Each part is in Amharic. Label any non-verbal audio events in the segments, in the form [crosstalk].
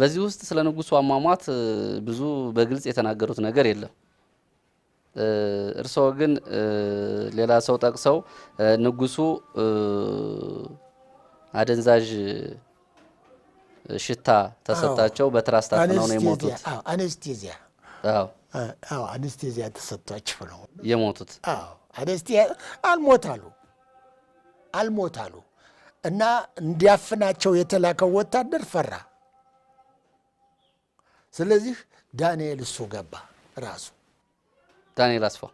በዚህ ውስጥ ስለ ንጉሱ አሟሟት ብዙ በግልጽ የተናገሩት ነገር የለም። እርስዎ ግን ሌላ ሰው ጠቅሰው ንጉሱ አደንዛዥ ሽታ ተሰጣቸው፣ በትራስ ታፍነው ነው የሞቱት። አኔስቴዚያ አኔስቴዚያ ተሰጥቷቸው ነው የሞቱት። አኔስቴዚያ አልሞታሉ አልሞታሉ እና እንዲያፍናቸው የተላከው ወታደር ፈራ። ስለዚህ ዳንኤል እሱ ገባ ራሱ ዳንኤል አስፋው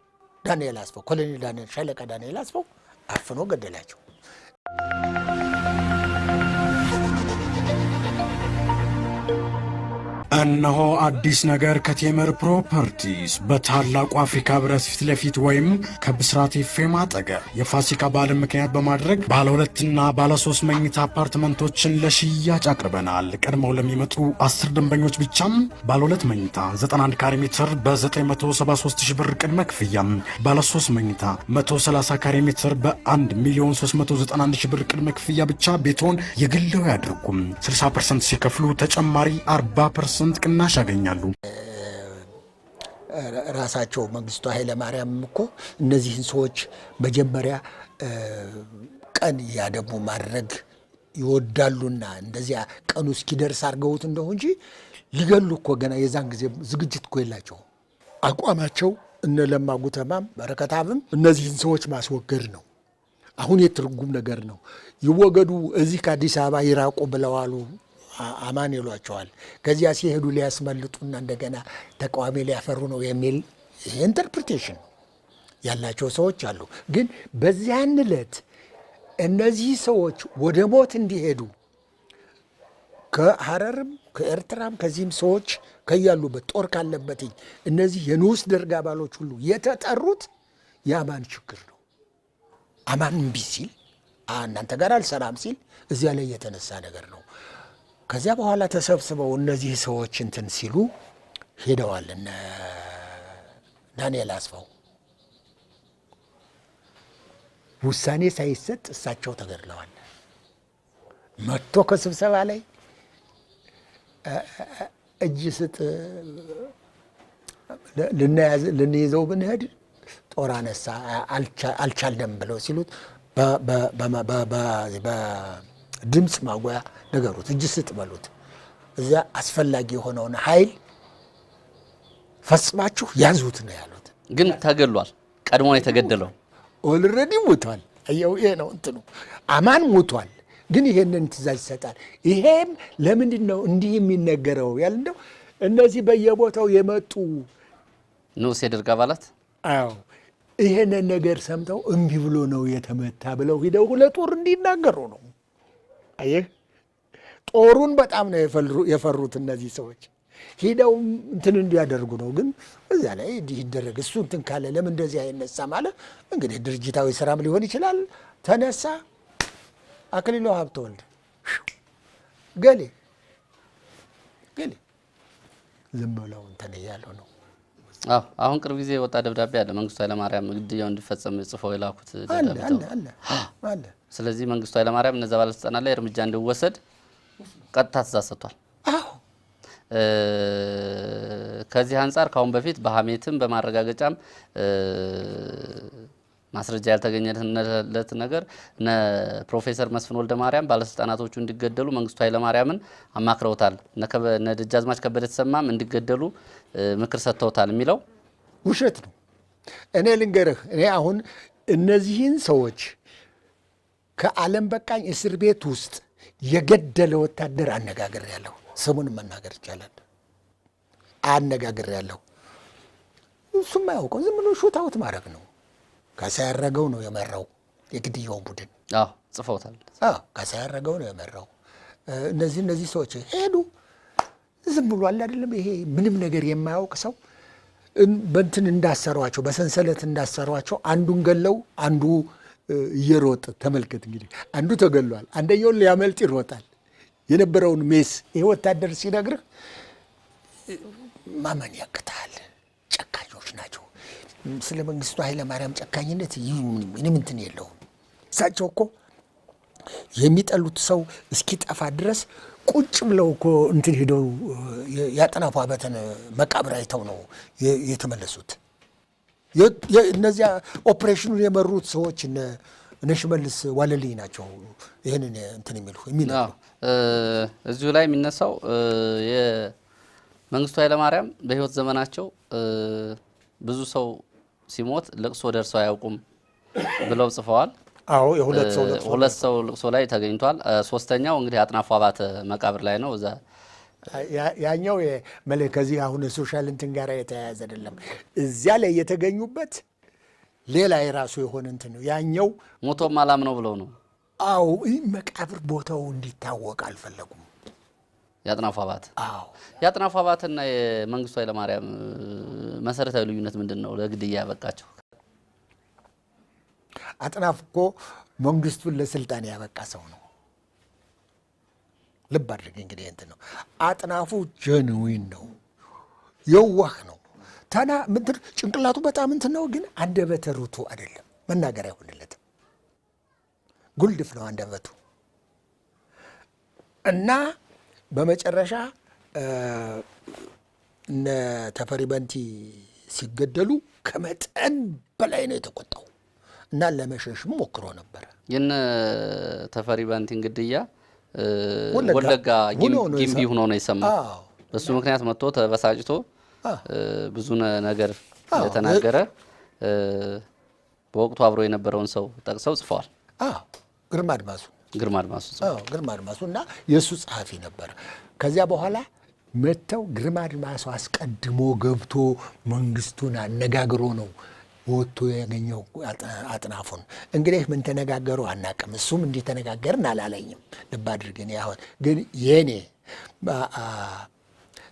ዳንኤል አስፋው ኮሎኔል ዳንኤል ሻለቃ ዳንኤል አስፋው አፍኖ ገደላቸው። እነሆ አዲስ ነገር ከቴምር ፕሮፐርቲስ በታላቁ አፍሪካ ህብረት ፊት ለፊት ወይም ከብስራት ኤፍኤም አጠገብ የፋሲካ በዓልን ምክንያት በማድረግ ባለ ሁለትና ባለ ሶስት መኝታ አፓርትመንቶችን ለሽያጭ አቅርበናል። ቀድመው ለሚመጡ አስር ደንበኞች ብቻም ባለ ሁለት መኝታ 91 ካሬ ሜትር በ973 ሺህ ብር ቅድመ ክፍያ፣ ባለ ሶስት መኝታ 130 ካሬ ሜትር በ1 ሚሊዮን 391 ሺህ ብር ቅድመ ክፍያ ብቻ ቤትዎን የግለው ያድርጉም። 60 ፐርሰንት ሲከፍሉ ተጨማሪ 40 ፐርሰንት ፐርሰንት ቅናሽ ያገኛሉ። ራሳቸው መንግስቱ ኃይለማርያም እኮ እነዚህን ሰዎች መጀመሪያ ቀን እያደቡ ማድረግ ይወዳሉና እንደዚያ ቀኑ እስኪደርስ አድርገውት እንደሁ እንጂ ሊገሉ እኮ ገና የዛን ጊዜ ዝግጅት እኮ የላቸው። አቋማቸው እነ ለማ ጉተማም በረከታብም እነዚህን ሰዎች ማስወገድ ነው። አሁን የትርጉም ነገር ነው። ይወገዱ፣ እዚህ ከአዲስ አበባ ይራቁ ብለዋሉ አማን ይሏቸዋል። ከዚያ ሲሄዱ ሊያስመልጡና እንደገና ተቃዋሚ ሊያፈሩ ነው የሚል ኢንተርፕሪቴሽን ያላቸው ሰዎች አሉ። ግን በዚያን ዕለት እነዚህ ሰዎች ወደ ሞት እንዲሄዱ ከሐረርም ከኤርትራም ከዚህም ሰዎች ከያሉበት ጦር ካለበትኝ እነዚህ የንዑስ ደርግ አባሎች ሁሉ የተጠሩት የአማን ችግር ነው። አማን እምቢ ሲል እናንተ ጋር አልሰራም ሲል እዚያ ላይ የተነሳ ነገር ነው። ከዚያ በኋላ ተሰብስበው እነዚህ ሰዎች እንትን ሲሉ ሄደዋል። እነ ዳንኤል አስፋው ውሳኔ ሳይሰጥ እሳቸው ተገድለዋል። መጥቶ ከስብሰባ ላይ እጅ ስጥ ልንይዘው ብንሄድ ጦር አነሳ አልቻልንም ብለው ሲሉት ድምፅ ማጉያ ነገሩት፣ እጅ ስጥ በሉት። እዚያ አስፈላጊ የሆነውን ኃይል ፈጽማችሁ ያዙት ነው ያሉት። ግን ተገሏል። ቀድሞ የተገደለው ኦልሬዲ ሞቷል። ይኸው ይሄ ነው እንትኑ አማን ሞቷል። ግን ይሄንን ትእዛዝ ይሰጣል። ይሄም ለምንድን ነው እንዲህ የሚነገረው ያል እንደው እነዚህ በየቦታው የመጡ ንዑስ የደርግ አባላት አዎ ይሄንን ነገር ሰምተው እምቢ ብሎ ነው የተመታ ብለው ሂደው ሁለት ወር እንዲናገሩ ነው። አየህ፣ ጦሩን በጣም ነው የፈሩት እነዚህ ሰዎች። ሂደው እንትን እንዲያደርጉ ነው። ግን እዚያ ላይ ይደረግ እሱ እንትን ካለ ለምን እንደዚህ አይነሳ ማለት እንግዲህ ድርጅታዊ ስራም ሊሆን ይችላል። ተነሳ አክሊሉ ወልድ ገሌ ገሌ ዝም ብለው እንትን እያሉ ነው። አሁን ቅርብ ጊዜ የወጣ ደብዳቤ አለ መንግስቱ ኃይለማርያም ግድያው እንዲፈጸም ጽፎ የላኩት ደብዳቤ አለ። ስለዚህ መንግስቱ ኃይለማርያም እነዛ ባለስልጣናት ላይ እርምጃ እንዲወሰድ ቀጥታ ትእዛዝ ሰጥቷል። ከዚህ አንጻር ካሁን በፊት በሀሜትም በማረጋገጫም ማስረጃ ያልተገኘለት ነገር ፕሮፌሰር መስፍን ወልደ ማርያም ባለስልጣናቶቹ እንዲገደሉ መንግስቱ ኃይለማርያምን አማክረውታል። እነ ደጃዝማች ከበደ ተሰማም እንዲገደሉ ምክር ሰጥተውታል የሚለው ውሸት ነው። እኔ ልንገርህ እኔ አሁን እነዚህን ሰዎች ከዓለም በቃኝ እስር ቤት ውስጥ የገደለ ወታደር አነጋግር ያለሁ ስሙን መናገር ይቻላል። አነጋግር ያለሁ እሱም አያውቀው ዝም ብሎ ሹታውት ማድረግ ነው። ከሳ ያረገው ነው የመራው የግድያውን ቡድን ጽፈውታል። ከሳ ያረገው ነው የመራው። እነዚህ እነዚህ ሰዎች ሄዱ። ዝም ብሎ አለ አይደለም ይሄ ምንም ነገር የማያውቅ ሰው በእንትን እንዳሰሯቸው በሰንሰለት እንዳሰሯቸው አንዱን ገለው አንዱ እየሮጠ ተመልከት። እንግዲህ አንዱ ተገሏል፣ አንደኛውን ሊያመልጥ ይሮጣል። የነበረውን ሜስ ይህ ወታደር ሲነግርህ ማመን ያቅታል። ጨካኞች ናቸው። ስለ መንግስቱ ኃይለማርያም ጨካኝነት ምንም እንትን የለውም። እሳቸው እኮ የሚጠሉት ሰው እስኪጠፋ ድረስ ቁጭ ብለው እኮ እንትን ሄደው የአጥናፏ አበተን መቃብር አይተው ነው የተመለሱት። እነዚያ ኦፕሬሽኑን የመሩት ሰዎች እነ ሽመልስ ዋለልኝ ናቸው። ይህንን እንትን የሚል እዚሁ ላይ የሚነሳው የመንግስቱ ኃይለማርያም በህይወት ዘመናቸው ብዙ ሰው ሲሞት ልቅሶ ደርሰው አያውቁም ብለው ጽፈዋል። አዎ የሁለት ሰው ልቅሶ ላይ ተገኝቷል። ሶስተኛው እንግዲህ አጥናፉ አባተ መቃብር ላይ ነው። ያኛው መለ ከዚህ አሁን ሶሻል እንትን ጋር የተያያዘ አይደለም። እዚያ ላይ የተገኙበት ሌላ የራሱ የሆነ እንትን ነው። ያኛው ሞቶም አላም ነው ብለው ነው። አዎ መቃብር ቦታው እንዲታወቅ አልፈለጉም። የአጥናፉ አባት አዎ፣ የአጥናፉ አባትና የመንግስቱ ኃይለማርያም መሰረታዊ ልዩነት ምንድን ነው? ለግድያ ያበቃቸው አጥናፉ እኮ መንግስቱን ለስልጣን ያበቃ ሰው ነው። ልብ አድርግ እንግዲህ እንትን ነው። አጥናፉ ጀንዊን ነው፣ የዋህ ነው። ታና ምድር ጭንቅላቱ በጣም እንትን ነው፣ ግን አንደበተ ሩቱ አይደለም። መናገር አይሆንለትም። ጉልድፍ ነው አንደበቱ እና በመጨረሻ እነ ተፈሪ በንቲ ሲገደሉ ከመጠን በላይ ነው የተቆጣው እና ለመሸሽም ሞክሮ ነበረ። የነ ተፈሪ በንቲን ግድያ ወለጋ ጊምቢ ሆኖ ነው የሰማው። በሱ ምክንያት መጥቶ ተበሳጭቶ ብዙ ነገር የተናገረ በወቅቱ አብሮ የነበረውን ሰው ጠቅሰው ጽፈዋል። ግርማ አድማሱ ግርማ አድማሱ ግርማ አድማሱ እና የእሱ ጸሐፊ ነበር። ከዚያ በኋላ መጥተው ግርማ አድማሱ አስቀድሞ ገብቶ መንግስቱን አነጋግሮ ነው ወጥቶ ያገኘው አጥናፉን እንግዲህ ምን ተነጋገሩ አናቅም። እሱም እንዲህ ተነጋገርን አላለኝም። ልብ አድርግን ያሁን ግን የኔ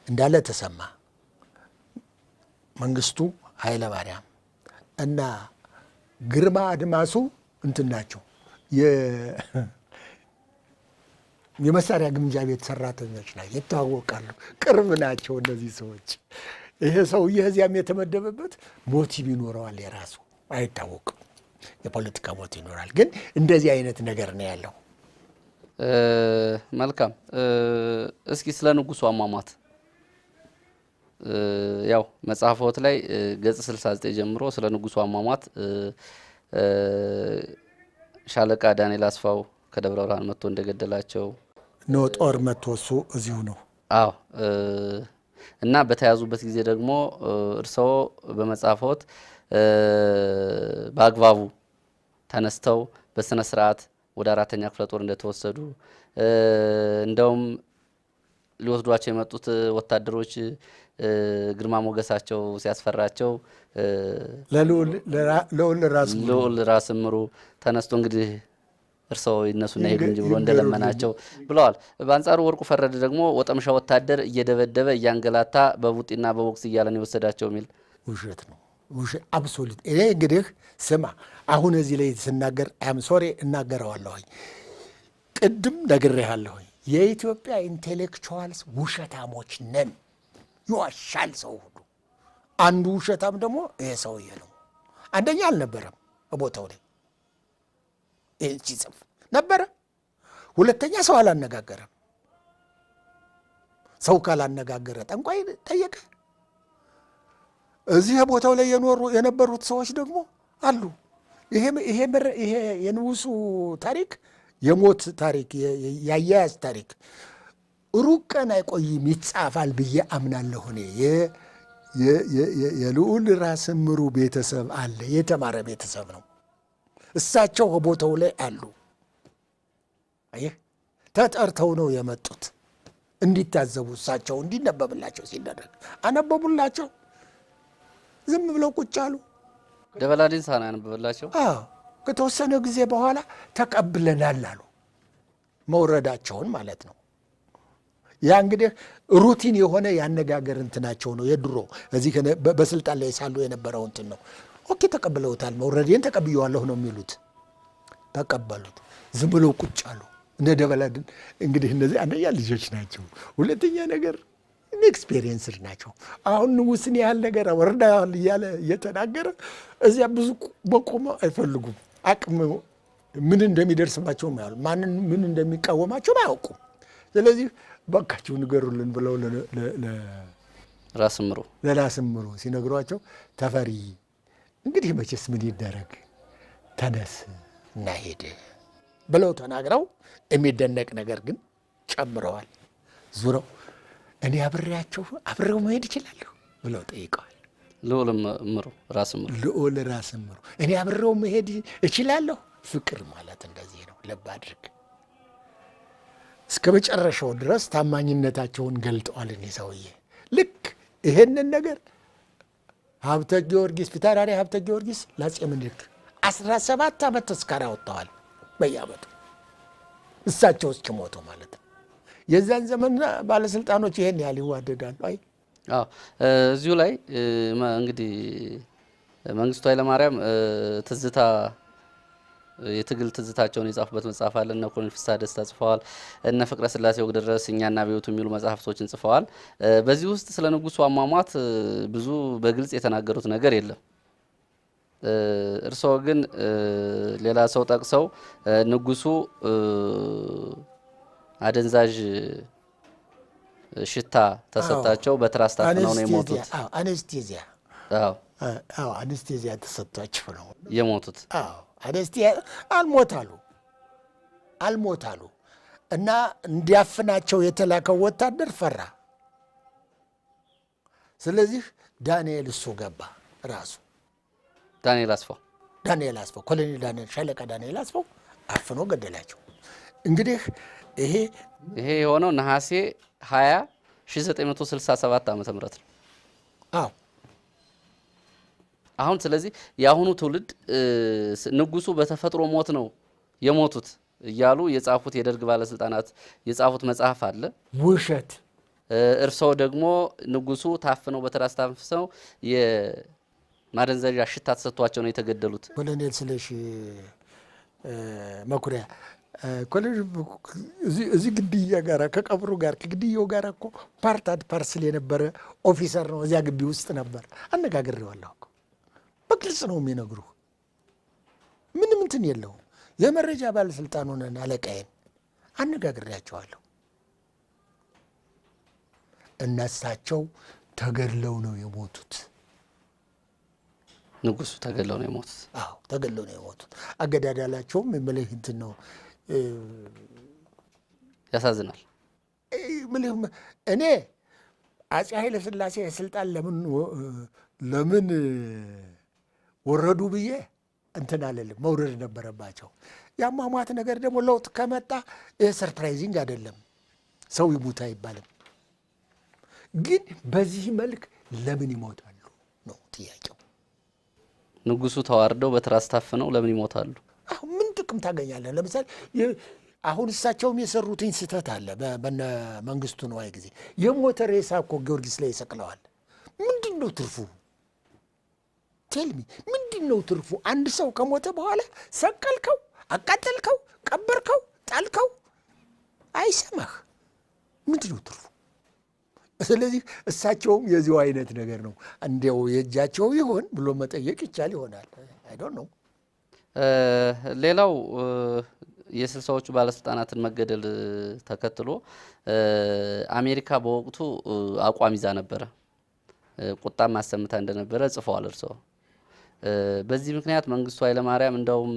እንዳለ ተሰማ፣ መንግስቱ ኃይለ ማርያም እና ግርማ አድማሱ እንትን ናቸው የመሳሪያ ግምጃ ቤት ሰራተኞች ላይ ይተዋወቃሉ። ቅርብ ናቸው እነዚህ ሰዎች። ይሄ ሰውዬ እዚያም የተመደበበት ሞቲቭ ይኖረዋል፣ የራሱ አይታወቅም። የፖለቲካ ሞት ይኖራል፣ ግን እንደዚህ አይነት ነገር ነው ያለው። መልካም። እስኪ ስለ ንጉሱ አሟሟት ያው መጽሐፎት ላይ ገጽ 69 ጀምሮ ስለ ንጉሱ አሟሟት ሻለቃ ዳንኤል አስፋው ከደብረ ብርሃን መጥቶ እንደገደላቸው ኖ ጦር መጥቶ እሱ እዚሁ ነው። አዎ እና በተያዙበት ጊዜ ደግሞ እርስዎ በመጻፎት በአግባቡ ተነስተው በስነ ስርዓት ወደ አራተኛ ክፍለ ጦር እንደተወሰዱ እንደውም ሊወስዷቸው የመጡት ወታደሮች ግርማ ሞገሳቸው ሲያስፈራቸው ለልዑል ራስ ምሩ ተነስቶ እንግዲህ እርስዎ ይነሱና ሄዱ እንጂ ብሎ እንደለመናቸው ብለዋል። በአንጻሩ ወርቁ ፈረደ ደግሞ ወጠምሻ ወታደር እየደበደበ እያንገላታ በቡጢና በቦክስ እያለን የወሰዳቸው የሚል ውሸት ነው። ውሸት አብሶሉት። እኔ እንግዲህ ስማ፣ አሁን እዚህ ላይ ስናገር አም ሶሪ እናገረዋለሁኝ። ቅድም ነግሬሃለሁኝ። የኢትዮጵያ ኢንቴሌክቹዋልስ ውሸታሞች ነን። ይዋሻል ሰው ሁሉ። አንዱ ውሸታም ደግሞ ይሄ ሰውዬ ነው። አንደኛ አልነበረም ቦታው ላይ ይህን ሲጽፍ ነበረ። ሁለተኛ ሰው አላነጋገረም። ሰው ካላነጋገረ ጠንቋይ ጠየቀ። እዚህ ቦታው ላይ የኖሩ የነበሩት ሰዎች ደግሞ አሉ። ይሄ የንጉሱ ታሪክ የሞት ታሪክ የአያያዝ ታሪክ ሩቅ ቀን አይቆይም፣ ይጻፋል ብዬ አምናለሁ። እኔ የልዑል ራስ እምሩ ቤተሰብ አለ፣ የተማረ ቤተሰብ ነው። እሳቸው ከቦታው ላይ አሉ። አየህ ተጠርተው ነው የመጡት እንዲታዘቡ እሳቸው እንዲነበብላቸው ሲደረግ አነበቡላቸው። ዝም ብለው ቁጭ አሉ። ደበላዲን ዲንሳ ነው ከተወሰነ ጊዜ በኋላ ተቀብለናል አሉ። መውረዳቸውን ማለት ነው። ያ እንግዲህ ሩቲን የሆነ የአነጋገር እንትናቸው ነው የድሮ እዚህ በስልጣን ላይ ሳሉ የነበረው እንትን ነው። ኦኬ ተቀብለውታል። መውረዴን ተቀብየዋለሁ ነው የሚሉት። ተቀበሉት። ዝም ብለው ቁጭ አሉ። እነ ደበላድን እንግዲህ እነዚህ አንደኛ ልጆች ናቸው፣ ሁለተኛ ነገር ኤክስፔሪየንስድ ናቸው። አሁን ንጉስን ያህል ነገር ወርዳል እያለ እየተናገረ እዚያ ብዙ መቆም አይፈልጉም። አቅም ምን እንደሚደርስባቸውም ያሉ ማንን ምን እንደሚቃወማቸው አያውቁም። ስለዚህ በቃችሁ ንገሩልን ብለው ለራስምሩ ለራስምሩ ሲነግሯቸው ተፈሪ እንግዲህ መቼስ ምን ይደረግ፣ ተነስ እናሄድ ብለው ተናግረው የሚደነቅ ነገር ግን ጨምረዋል። ዙረው እኔ አብሬያቸው አብሬው መሄድ እችላለሁ ብለው ጠይቀዋል። ልዑል ራስ ምሩ ልዑል ራስ እኔ አብሬው መሄድ እችላለሁ። ፍቅር ማለት እንደዚህ ነው። ልብ አድርግ። እስከ መጨረሻው ድረስ ታማኝነታቸውን ገልጠዋል። እኔ ሰውዬ ልክ ይሄንን ነገር ሀብተ ጊዮርጊስ ፊታውራሪ ሀብተ ጊዮርጊስ ለአፄ ምኒልክ 17 ዓመት ተስካር አወጥተዋል። በየአመቱ እሳቸው እስኪሞቱ ማለት ነው። የዛን ዘመን ባለስልጣኖች ይሄን ያህል ይዋደዳሉ? አይ እዚሁ ላይ እንግዲህ መንግስቱ ኃይለማርያም ትዝታ የትግል ትዝታቸውን የጻፉበት መጽሐፍ አለ። እነ ኮሎኔል ፍስሐ ደስታ ጽፈዋል። እነ ፍቅረ ስላሴ ወግደረስ እኛና ቤቱ የሚሉ መጽሐፍቶችን ጽፈዋል። በዚህ ውስጥ ስለ ንጉሱ አሟሟት ብዙ በግልጽ የተናገሩት ነገር የለም። እርስዎ ግን ሌላ ሰው ጠቅሰው ንጉሱ አደንዛዥ ሽታ ተሰጣቸው፣ በትራስ ታፍነው ነው የሞቱት። አኔስቴዚያ አኔስቴዚያ ተሰጥቷቸው ነው የሞቱት። አነስቲ አልሞት አሉ አልሞት አሉ እና እንዲያፍናቸው የተላከው ወታደር ፈራ። ስለዚህ ዳንኤል እሱ ገባ ራሱ ዳንኤል አስፋው ዳንኤል አስፋው ኮሎኔል ዳንኤል ሻለቃ ዳንኤል አስፋው አፍኖ ገደላቸው። እንግዲህ ይሄ ይሄ የሆነው ነሐሴ 20 1967 ዓ.ም ነው። አዎ አሁን ስለዚህ የአሁኑ ትውልድ ንጉሱ በተፈጥሮ ሞት ነው የሞቱት እያሉ የጻፉት የደርግ ባለስልጣናት የጻፉት መጽሐፍ አለ። ውሸት። እርሶ ደግሞ ንጉሱ ታፍነው በትራስ ታፍሰው የማደንዘዣ ሽታ ተሰጥቷቸው ነው የተገደሉት። ኮሎኔል ስለሺ መኩሪያ ኮሌጅ እዚህ ግድያ ጋር ከቀብሩ ጋር ከግድያው ጋር እኮ ፓርታድ ፓርስል የነበረ ኦፊሰር ነው። እዚያ ግቢ ውስጥ ነበር አነጋግሬዋለሁ። በግልጽ ነው የሚነግሩ። ምንም እንትን የለውም። የመረጃ ባለስልጣን ሆነን አለቃዬን አነጋግሬያቸዋለሁ። እነሳቸው ተገድለው ነው የሞቱት። ንጉሱ ተገድለው ነው የሞቱት። አዎ ተገድለው ነው የሞቱት። አገዳዳላቸውም የምልህ እንትን ነው። ያሳዝናል። እኔ አፄ ኃይለ ስላሴ ስልጣን ለምን ለምን ወረዱ ብዬ እንትን አለልም መውረድ ነበረባቸው። የአሟሟት ነገር ደግሞ ለውጥ ከመጣ ይህ ሰርፕራይዚንግ አይደለም፣ ሰው ይሙት አይባልም። ግን በዚህ መልክ ለምን ይሞታሉ ነው ጥያቄው። ንጉሱ ተዋርደው በትራስ ታፍነው ለምን ይሞታሉ? ምን ጥቅም ታገኛለን? ለምሳሌ አሁን እሳቸውም የሰሩትኝ ስህተት አለ። በነ መንግስቱ ነዋይ ጊዜ የሞተ ሬሳ እኮ ጊዮርጊስ ላይ ይሰቅለዋል። ምንድን ነው ትርፉ? ቴልሚ ምንድን ነው ትርፉ? አንድ ሰው ከሞተ በኋላ ሰቀልከው፣ አቃጠልከው፣ ቀበርከው፣ ጣልከው አይሰማህ። ምንድን ነው ትርፉ? ስለዚህ እሳቸውም የዚሁ አይነት ነገር ነው። እንዲያው የእጃቸው ይሆን ብሎ መጠየቅ ይቻል ይሆናል። አይዶን ነው። ሌላው የስልሳዎቹ ባለስልጣናትን መገደል ተከትሎ አሜሪካ በወቅቱ አቋም ይዛ ነበረ፣ ቁጣም አሰምታ እንደነበረ ጽፈዋል እርስዎ። በዚህ ምክንያት መንግስቱ ኃይለማርያም እንደውም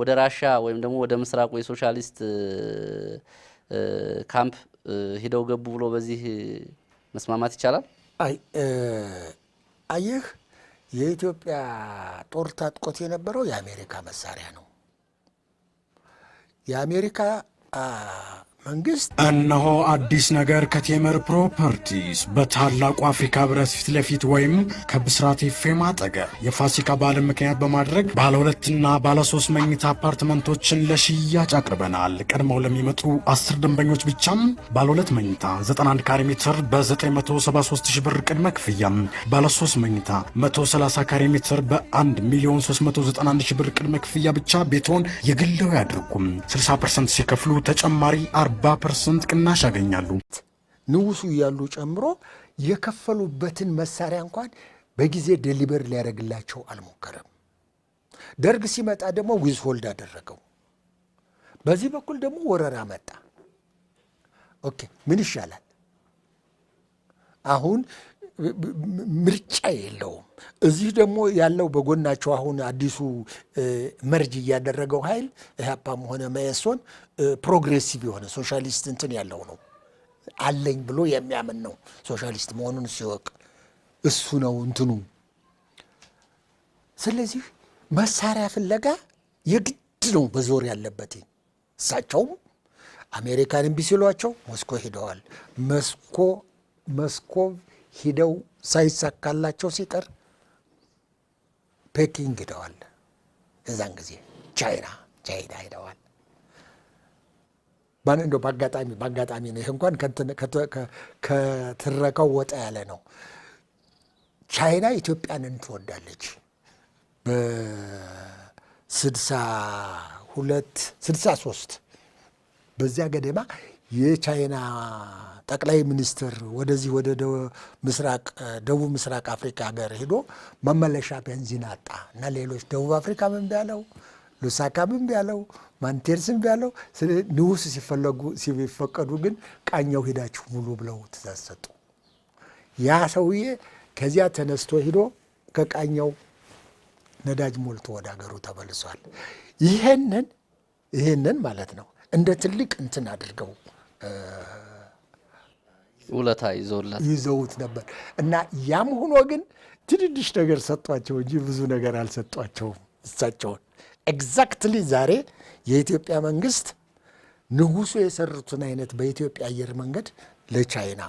ወደ ራሻ ወይም ደግሞ ወደ ምስራቁ የሶሻሊስት ካምፕ ሂደው ገቡ ብሎ በዚህ መስማማት ይቻላል። አይ አየህ፣ የኢትዮጵያ ጦር ታጥቆት የነበረው የአሜሪካ መሳሪያ ነው። የአሜሪካ መንግስት እነሆ አዲስ ነገር ከቴምር ፕሮፐርቲስ በታላቁ አፍሪካ ህብረት ፊት ለፊት ወይም ከብስራት ፌም አጠገብ የፋሲካ በዓልን ምክንያት በማድረግ ባለ ሁለትና ባለ ሶስት መኝታ አፓርትመንቶችን ለሽያጭ አቅርበናል። ቀድመው ለሚመጡ አስር ደንበኞች ብቻም ባለ ሁለት መኝታ 91 ካሬ ሜትር በ973 ብር ቅድመ ክፍያ፣ ባለ ሶስት መኝታ 130 ካሬ ሜትር በ1 ሚሊዮን 391 ብር ቅድመ ክፍያ ብቻ ቤትዎን የግለው ያድርጉም። 60 ፐርሰንት ሲከፍሉ ተጨማሪ 40 ፐርሰንት ቅናሽ ያገኛሉ። ንጉሱ እያሉ ጨምሮ የከፈሉበትን መሳሪያ እንኳን በጊዜ ዴሊቨር ሊያደርግላቸው አልሞከረም። ደርግ ሲመጣ ደግሞ ዊዝ ሆልድ አደረገው። በዚህ በኩል ደግሞ ወረራ መጣ። ኦኬ ምን ይሻላል አሁን? ምርጫ የለውም። እዚህ ደግሞ ያለው በጎናቸው አሁን አዲሱ መርጅ እያደረገው ኃይል ኢህአፓም ሆነ መኢሶን ፕሮግሬሲቭ የሆነ ሶሻሊስት እንትን ያለው ነው አለኝ ብሎ የሚያምን ነው። ሶሻሊስት መሆኑን ሲወቅ እሱ ነው እንትኑ። ስለዚህ መሳሪያ ፍለጋ የግድ ነው በዞር ያለበት። እሳቸውም አሜሪካን እምቢ ሲሏቸው ሞስኮ ሄደዋል። መስኮ መስኮቭ ሂደው ሳይሳካላቸው ሲቀር ፔኪንግ ሂደዋል። እዛን ጊዜ ቻይና ቻይና ሂደዋል። እንደ በአጋጣሚ በአጋጣሚ ነው። ይህ እንኳን ከትረካው ወጣ ያለ ነው። ቻይና ኢትዮጵያን እንትወዳለች በስድሳ ሁለት ስድሳ ሶስት በዚያ ገደማ የቻይና ጠቅላይ ሚኒስትር ወደዚህ ወደ ምስራቅ ደቡብ ምስራቅ አፍሪካ ሀገር ሄዶ መመለሻ ቤንዚን አጣ እና ሌሎች ደቡብ አፍሪካ ምን ቢያለው ሉሳካ ምን ቢያለው ማንቴርስ እምቢ አለው። ሲፈለጉ ሲፈቀዱ ግን ቃኘው ሂዳችሁ ሙሉ ብለው ትእዛዝ ሰጡ። ያ ሰውዬ ከዚያ ተነስቶ ሂዶ ከቃኘው ነዳጅ ሞልቶ ወደ ሀገሩ ተመልሷል። ይሄንን ይህንን ማለት ነው እንደ ትልቅ እንትን አድርገው ውለታ ይዞላት ይዘውት ነበር እና ያም ሆኖ ግን ትንንሽ ነገር ሰጧቸው እንጂ ብዙ ነገር አልሰጧቸውም። እሳቸውን ኤግዛክትሊ ዛሬ የኢትዮጵያ መንግስት ንጉሱ የሰሩትን አይነት በኢትዮጵያ አየር መንገድ ለቻይና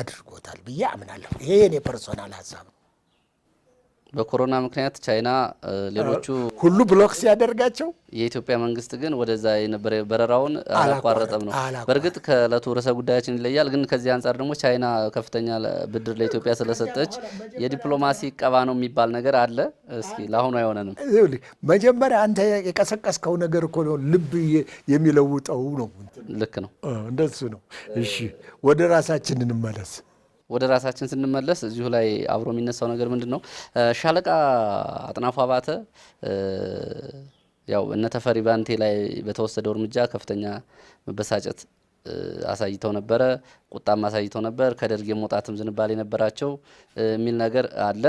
አድርጎታል ብዬ አምናለሁ። ይሄ የኔ ፐርሶናል ሀሳብ ነው። በኮሮና ምክንያት ቻይና ሌሎቹ ሁሉ ብሎክ ሲያደርጋቸው የኢትዮጵያ መንግስት ግን ወደዛ የነበረ በረራውን አላቋረጠም ነው። በእርግጥ ከእለቱ ርዕሰ ጉዳያችን ይለያል። ግን ከዚህ አንጻር ደግሞ ቻይና ከፍተኛ ብድር ለኢትዮጵያ ስለሰጠች የዲፕሎማሲ ቀባ ነው የሚባል ነገር አለ። እስኪ ለአሁኑ አይሆነንም። መጀመሪያ አንተ የቀሰቀስከው ነገር እኮ ነው ልብ የሚለውጠው ነው። ልክ ነው። እንደሱ ነው። እሺ ወደ ራሳችን እንመለስ። ወደ ራሳችን ስንመለስ እዚሁ ላይ አብሮ የሚነሳው ነገር ምንድን ነው? ሻለቃ አጥናፉ አባተ ያው እነ ተፈሪ ባንቴ ላይ በተወሰደው እርምጃ ከፍተኛ መበሳጨት አሳይተው ነበረ። ቁጣም አሳይተው ነበር። ከደርግ የመውጣትም ዝንባሌ ነበራቸው የሚል ነገር አለ።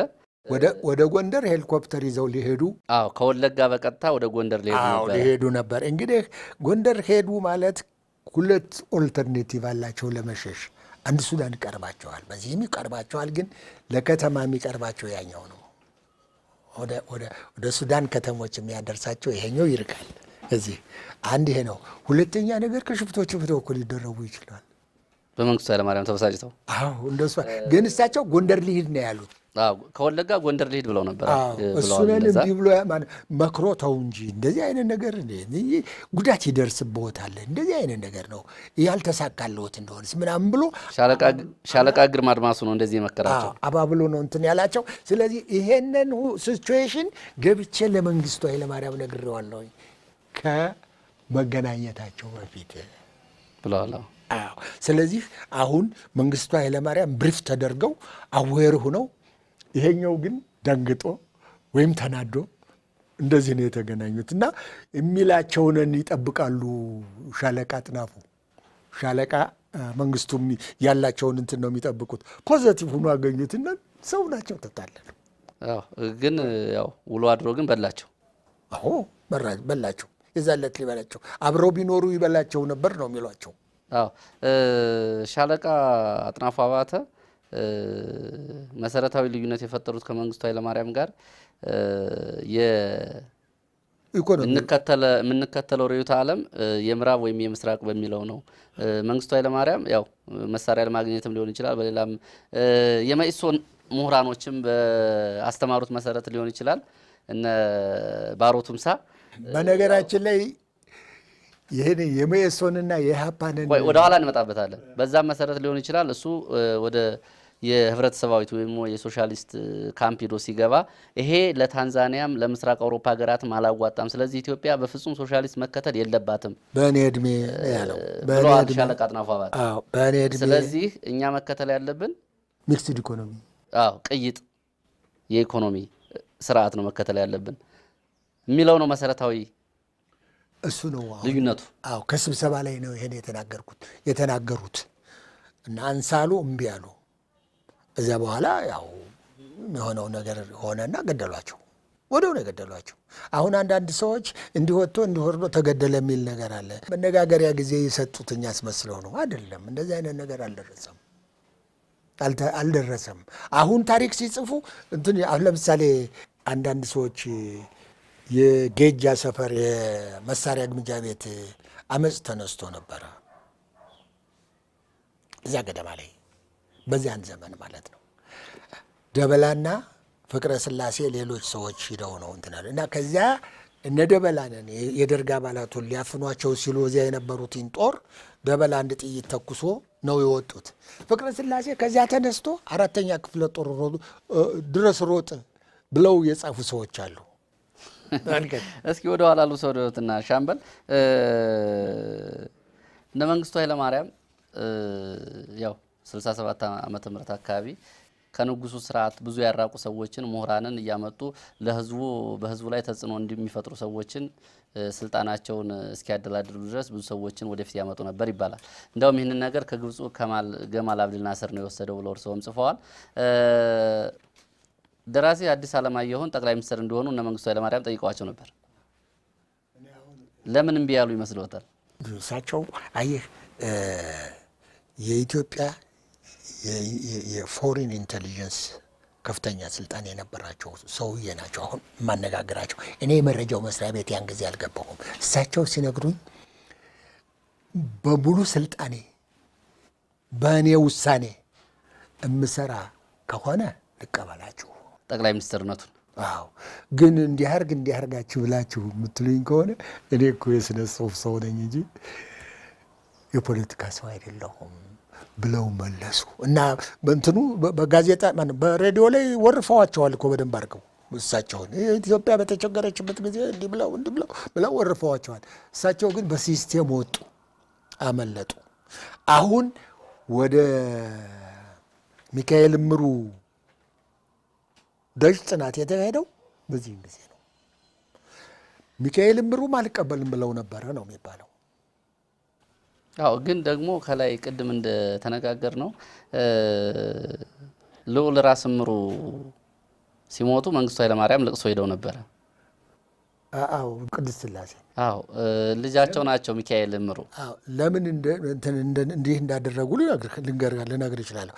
ወደ ጎንደር ሄሊኮፕተር ይዘው ሊሄዱ አዎ፣ ከወለጋ በቀጥታ ወደ ጎንደር ሊሄዱ ነበር። እንግዲህ ጎንደር ሄዱ ማለት ሁለት ኦልተርኔቲቭ አላቸው ለመሸሽ አንድ ሱዳን ይቀርባቸዋል፣ በዚህም ይቀርባቸዋል። ግን ለከተማ የሚቀርባቸው ያኛው ነው። ወደ ሱዳን ከተሞች የሚያደርሳቸው ይሄኛው ይርቃል። እዚህ አንድ ይሄ ነው። ሁለተኛ ነገር ከሽፍቶች በኩል ሊደረጉ ይችላል። በመንግስቱ ኃይለማርያም ተበሳጭተው አዎ፣ እንደሱ ግን እሳቸው ጎንደር ሊሂድ ነው ያሉት ከወለጋ ጎንደር ልሄድ ብለው ነበር። እሱንን እንዲህ ብሎ መክሮ ተው እንጂ እንደዚህ አይነት ነገር ጉዳት ይደርስብዎታል፣ እንደዚህ አይነት ነገር ነው ያልተሳካልዎት እንደሆነስ ምናምን ብሎ ሻለቃ ግርማ አድማሱ ነው እንደዚህ የመከራቸው አባብሎ ነው እንትን ያላቸው። ስለዚህ ይሄንን ሲትዌሽን ገብቼ ለመንግስቱ ኃይለማርያም ነግሬዋለሁ ከመገናኘታቸው በፊት ብለዋለሁ። ስለዚህ አሁን መንግስቱ ኃይለማርያም ብሪፍ ተደርገው አዌር ሁነው ይሄኛው ግን ደንግጦ ወይም ተናዶ እንደዚህ ነው የተገናኙት እና የሚላቸውንን ይጠብቃሉ። ሻለቃ ጥናፉ ሻለቃ መንግስቱም ያላቸውን እንትን ነው የሚጠብቁት። ፖዘቲቭ ሆኖ አገኙትና ሰው ናቸው ተታለሉ። ግን ያው ውሎ አድሮ ግን በላቸው። አዎ በላቸው፣ የዛለት ሊበላቸው አብረው ቢኖሩ ይበላቸው ነበር ነው የሚሏቸው። ሻለቃ አጥናፉ አባተ መሰረታዊ ልዩነት የፈጠሩት ከመንግስቱ ኃይለማርያም ጋር የምንከተለው ርዕዮተ ዓለም የምዕራብ ወይም የምስራቅ በሚለው ነው። መንግስቱ ኃይለማርያም ያው መሳሪያ ለማግኘትም ሊሆን ይችላል፣ በሌላም የመኢሶን ምሁራኖችም በአስተማሩት መሰረት ሊሆን ይችላል። እነ ባሮ ቱምሳ በነገራችን ላይ ይህን የመኢሶንና የኢህአፓንን ወደኋላ እንመጣበታለን። በዛም መሰረት ሊሆን ይችላል እሱ ወደ የህብረተሰባዊት ወይም የሶሻሊስት ካምፕ ሄዶ ሲገባ ይሄ ለታንዛኒያም ለምስራቅ አውሮፓ ሀገራትም አላዋጣም። ስለዚህ ኢትዮጵያ በፍጹም ሶሻሊስት መከተል የለባትም በእኔ እድሜ ያለው ብለዋል ሻለቃ አጥናፉ አባተ። ስለዚህ እኛ መከተል ያለብን ሚክስድ ኢኮኖሚ፣ አዎ ቅይጥ የኢኮኖሚ ስርዓት ነው መከተል ያለብን የሚለው ነው መሰረታዊ እሱ ነው ልዩነቱ። አዎ ከስብሰባ ላይ ነው ይሄን የተናገርኩት የተናገሩት እና አንሳሉ እምቢ አሉ። ከዚያ በኋላ ያው የሆነው ነገር ሆነና ገደሏቸው። ወደው ነው የገደሏቸው። አሁን አንዳንድ ሰዎች እንዲወጥቶ እንዲወርዶ ተገደለ የሚል ነገር አለ። መነጋገሪያ ጊዜ የሰጡትኝ አስመስለው ነው። አይደለም፣ እንደዚህ አይነት ነገር አልደረሰም አልደረሰም። አሁን ታሪክ ሲጽፉ እንትን አሁን ለምሳሌ አንዳንድ ሰዎች የጌጃ ሰፈር የመሳሪያ ግምጃ ቤት አመፅ ተነስቶ ነበረ እዚያ ገደማ ላይ በዚያን ዘመን ማለት ነው። ደበላና ፍቅረ ስላሴ ሌሎች ሰዎች ሂደው ነው እንትናል እና ከዚያ እነ ደበላንን የደርግ አባላቱን ሊያፍኗቸው ሲሉ እዚያ የነበሩትን ጦር ደበላ አንድ ጥይት ተኩሶ ነው የወጡት። ፍቅረ ስላሴ ከዚያ ተነስቶ አራተኛ ክፍለ ጦር ድረስ ሮጥ ብለው የጻፉ ሰዎች አሉ። [laughs] እስኪ ወደ ኋላ ሉ ሰው ደትና ሻምበል እነ መንግስቱ ኃይለማርያም ያው 67 ዓመተ ምህረት አካባቢ ከንጉሱ ስርዓት ብዙ ያራቁ ሰዎችን ምሁራንን እያመጡ ለህዝቡ በህዝቡ ላይ ተጽዕኖ እንደሚፈጥሩ ሰዎችን ስልጣናቸውን እስኪያደላድሉ ድረስ ብዙ ሰዎችን ወደፊት ያመጡ ነበር ይባላል። እንዲያውም ይህንን ነገር ከግብፁ ገማል አብድልናስር ነው የወሰደው ብለው እርስዎም ጽፈዋል። ደራሲ አዲስ ዓለማየሁን ጠቅላይ ሚኒስትር እንዲሆኑ እነ መንግስቱ ኃይለማርያም ጠይቀዋቸው ነበር። ለምን እምቢ ያሉ ይመስልዎታል? እሳቸው አየህ የኢትዮጵያ የፎሪን ኢንቴሊጀንስ ከፍተኛ ስልጣን የነበራቸው ሰውዬ ናቸው። አሁን የማነጋግራቸው እኔ የመረጃው መስሪያ ቤት ያን ጊዜ አልገባሁም። እሳቸው ሲነግሩኝ በሙሉ ስልጣኔ በእኔ ውሳኔ እምሰራ ከሆነ ልቀበላችሁ ጠቅላይ ሚኒስትርነቱን። አዎ ግን እንዲያርግ እንዲያርጋችሁ ብላችሁ የምትሉኝ ከሆነ እኔ እኮ የስነ ጽሁፍ ሰው ነኝ እንጂ የፖለቲካ ሰው አይደለሁም። ብለው መለሱ እና እንትኑ በጋዜጣ በሬዲዮ ላይ ወርፈዋቸዋል እኮ በደንብ አድርገው እሳቸውን ኢትዮጵያ በተቸገረችበት ጊዜ እንዲህ ብለው እንዲህ ብለው ብለው ወርፈዋቸዋል። እሳቸው ግን በሲስቴም ወጡ፣ አመለጡ። አሁን ወደ ሚካኤል እምሩ ደጅ ጥናት የተካሄደው በዚህም ጊዜ ነው። ሚካኤል እምሩም አልቀበልም ብለው ነበረ ነው የሚባለው። አዎ ግን ደግሞ ከላይ ቅድም እንደተነጋገር ነው ልዑል ራስ እምሩ ሲሞቱ መንግስቱ ኃይለማርያም ልቅሶ ሄደው ነበረ። አዎ ቅዱስ ስላሴ አዎ ልጃቸው ናቸው ሚካኤል እምሩ። ለምን እንዲህ እንዳደረጉ ልነግርህ ይችላለሁ።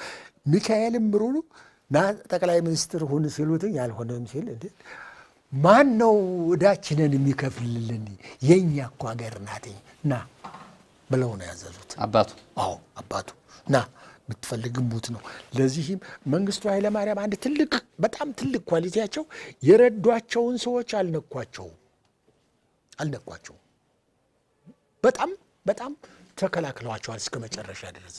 ሚካኤል እምሩ ና ጠቅላይ ሚኒስትር ሁን ሲሉትኝ ያልሆነም ሲል ማን ነው እዳችንን የሚከፍልልን? የእኛ እኮ ሀገር ናትኝ ና ብለው ነው ያዘዙት። አባቱ አዎ አባቱ ና ብትፈልግ ግንቡት ነው። ለዚህም መንግስቱ ኃይለማርያም አንድ ትልቅ በጣም ትልቅ ኳሊቲያቸው የረዷቸውን ሰዎች አልነኳቸው አልነኳቸው በጣም በጣም ተከላክለዋቸዋል እስከ መጨረሻ ድረስ።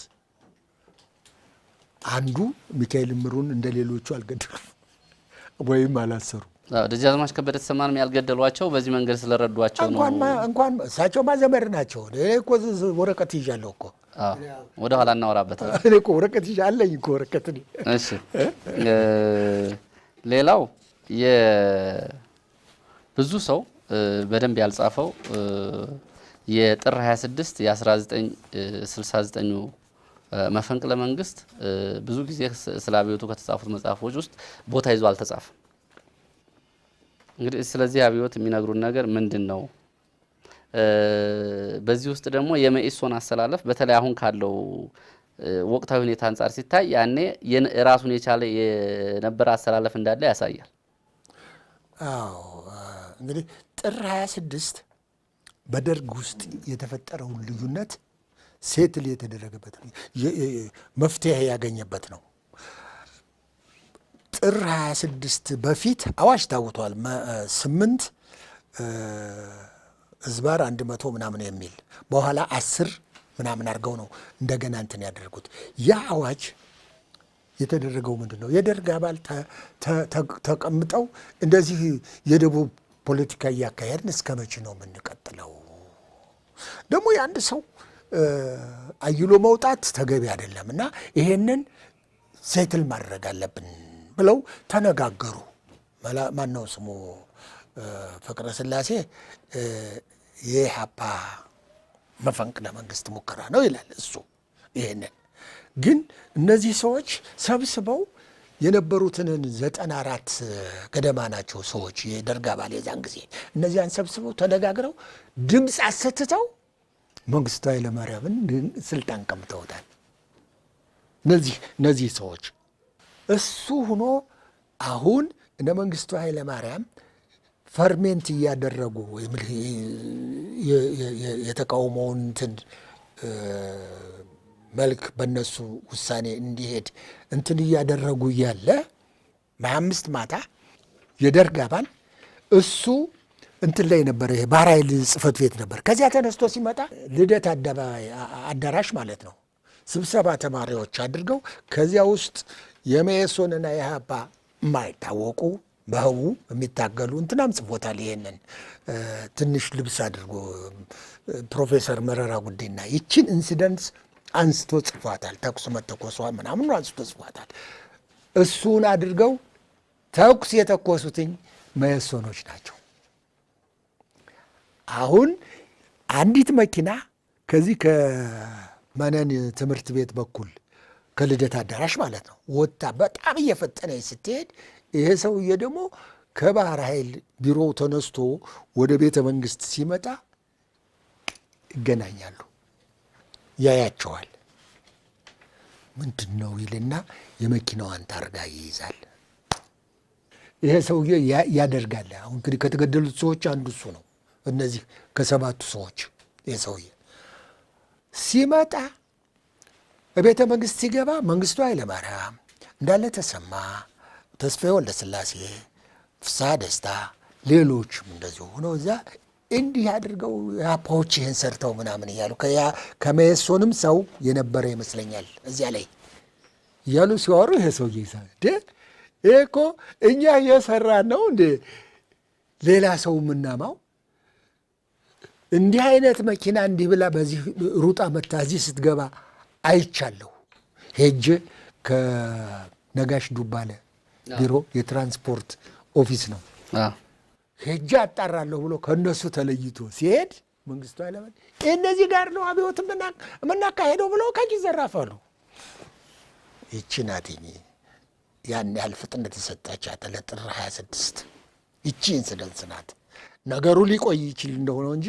አንዱ ሚካኤል ምሩን እንደ ሌሎቹ አልገደሉም ወይም አላሰሩ ደጃዝማች ከበደ ተሰማንም ያልገደሏቸው በዚህ መንገድ ስለረዷቸው ነው። እንኳን እሳቸው ማዘመር ናቸው። እኮ ወረቀት ይዣለሁ እኮ ወደ ኋላ እናወራበታለን። ወረቀት [laughs] ይዣለኝ እኮ ወረቀት። እሺ፣ ሌላው ብዙ ሰው በደንብ ያልጻፈው የጥር 26 የ1969 ኙ መፈንቅለ መንግስት ብዙ ጊዜ ስለ አብዮቱ ከተጻፉት መጽሐፎች ውስጥ ቦታ ይዞ አልተጻፈም። እንግዲህ ስለዚህ አብዮት የሚነግሩን ነገር ምንድን ነው? በዚህ ውስጥ ደግሞ የመኢሶን አሰላለፍ በተለይ አሁን ካለው ወቅታዊ ሁኔታ አንጻር ሲታይ ያኔ ራሱን የቻለ የነበረ አሰላለፍ እንዳለ ያሳያል። አዎ እንግዲህ ጥር 26 በደርግ ውስጥ የተፈጠረውን ልዩነት ሴትል የተደረገበት መፍትሄ ያገኘበት ነው። ጥር 26 በፊት አዋጅ ታውቷል። ስምንት እዝባር አንድ መቶ ምናምን የሚል በኋላ አስር ምናምን አድርገው ነው እንደገና እንትን ያደርጉት። ያ አዋጅ የተደረገው ምንድን ነው? የደርግ አባል ተቀምጠው እንደዚህ የደቡብ ፖለቲካ እያካሄድን እስከ መቼ ነው የምንቀጥለው? ደግሞ የአንድ ሰው አይሎ መውጣት ተገቢ አይደለም እና ይሄንን ሴትል ማድረግ አለብን ብለው ተነጋገሩ። ማነው ስሙ ፍቅረ ስላሴ የኢሕአፓ መፈንቅለ መንግስት ሙከራ ነው ይላል እሱ። ይህንን ግን እነዚህ ሰዎች ሰብስበው የነበሩትንን ዘጠና አራት ገደማ ናቸው ሰዎች የደርግ አባል የዛን ጊዜ እነዚያን ሰብስበው ተነጋግረው ድምፅ አሰትተው መንግስቱ ኃይለማርያምን ስልጣን ቀምተውታል። እነዚህ እነዚህ ሰዎች እሱ ሁኖ አሁን እነ መንግስቱ ኃይለማርያም ፈርሜንት እያደረጉ የተቃውሞውን እንትን መልክ በነሱ ውሳኔ እንዲሄድ እንትን እያደረጉ እያለ በአምስት ማታ የደርግ አባል እሱ እንትን ላይ ነበረ፣ ባህር ኃይል ጽህፈት ቤት ነበር። ከዚያ ተነስቶ ሲመጣ ልደት አዳራሽ ማለት ነው ስብሰባ ተማሪዎች አድርገው ከዚያ ውስጥ የመኢሶንና የኢሕአፓ የማይታወቁ በህቡ የሚታገሉ እንትናም ጽፎታል። ይሄንን ትንሽ ልብስ አድርጎ ፕሮፌሰር መረራ ጉዲና ይችን ኢንሲደንት አንስቶ ጽፏታል። ተኩስ መተኮሷ ምናምኑ አንስቶ ጽፏታል። እሱን አድርገው ተኩስ የተኮሱትኝ መኢሶኖች ናቸው። አሁን አንዲት መኪና ከዚህ ከመነን ትምህርት ቤት በኩል ከልደት አዳራሽ ማለት ነው። ወጣ። በጣም እየፈጠነ ስትሄድ ይሄ ሰውዬ ደግሞ ከባህር ኃይል ቢሮ ተነስቶ ወደ ቤተ መንግስት ሲመጣ ይገናኛሉ። ያያቸዋል። ምንድን ነው ይልና የመኪናዋን ታርጋ ይይዛል። ይሄ ሰውዬ ያደርጋል። አሁን እንግዲህ ከተገደሉት ሰዎች አንዱ እሱ ነው። እነዚህ ከሰባቱ ሰዎች ይሄ ሰውዬ ሲመጣ ቤተ መንግስት ሲገባ መንግስቱ ኃይለማርያም፣ እንዳለ ተሰማ፣ ተስፋዬ ወልደስላሴ፣ ፍስሐ ደስታ፣ ሌሎችም እንደዚሁ ሆኖ እዛ እንዲህ አድርገው ያፓዎች ይህን ሰርተው ምናምን እያሉ ከመየሶንም ሰው የነበረ ይመስለኛል እዚያ ላይ እያሉ ሲዋሩ ይሄ ሰውዬ ይሄ እኮ እኛ እየሰራን ነው እንዴ? ሌላ ሰው የምናማው እንዲህ አይነት መኪና እንዲህ ብላ በዚህ ሩጣ መታ እዚህ ስትገባ አይቻለሁ። ሄጄ ከነጋሽ ዱባለ ቢሮ የትራንስፖርት ኦፊስ ነው ሄጄ አጣራለሁ ብሎ ከእነሱ ተለይቶ ሲሄድ መንግስቱ ኃይለማርያም እነዚህ ጋር ነው አብዮት የምናካሄደው ብሎ ከእጅ ዘራፋሉ። ይቺ ናት ያን ያህል ፍጥነት የሰጣቻት ለጥር 26 ይቺ ኢንስደንስ ናት። ነገሩ ሊቆይ ይችል እንደሆነው እንጂ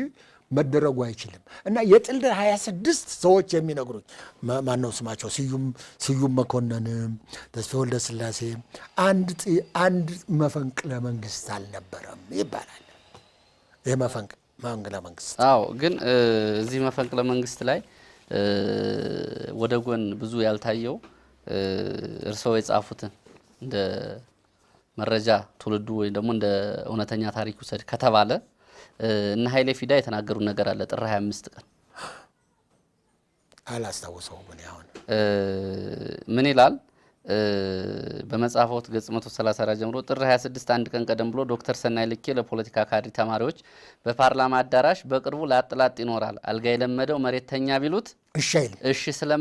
መደረጉ አይችልም እና የጥልደ 26 ሰዎች የሚነግሩኝ ማነው ስማቸው ስዩም መኮንንም፣ ተስፋ ወልደ ስላሴ አንድ መፈንቅለ መንግስት አልነበረም ይባላል። ይህ መንግለ መንግስት አዎ። ግን እዚህ መፈንቅለ መንግስት ላይ ወደ ጎን ብዙ ያልታየው እርስዎ የጻፉትን እንደ መረጃ ትውልዱ ወይም ደግሞ እንደ እውነተኛ ታሪክ ውሰድ ከተባለ እነ ኃይሌ ፊዳ የተናገሩ ነገር አለ ጥር 25 ቀን አላስታውሰውም። እኔ አሁን ምን ይላል በመጽሐፎት ገጽ 134 ጀምሮ ጥር 26 አንድ ቀን ቀደም ብሎ ዶክተር ሰናይ ልኬ ለፖለቲካ ካድሪ ተማሪዎች በፓርላማ አዳራሽ በቅርቡ ላጥላጥ ይኖራል አልጋ የለመደው መሬት ተኛ ቢሉት እሺ ስለ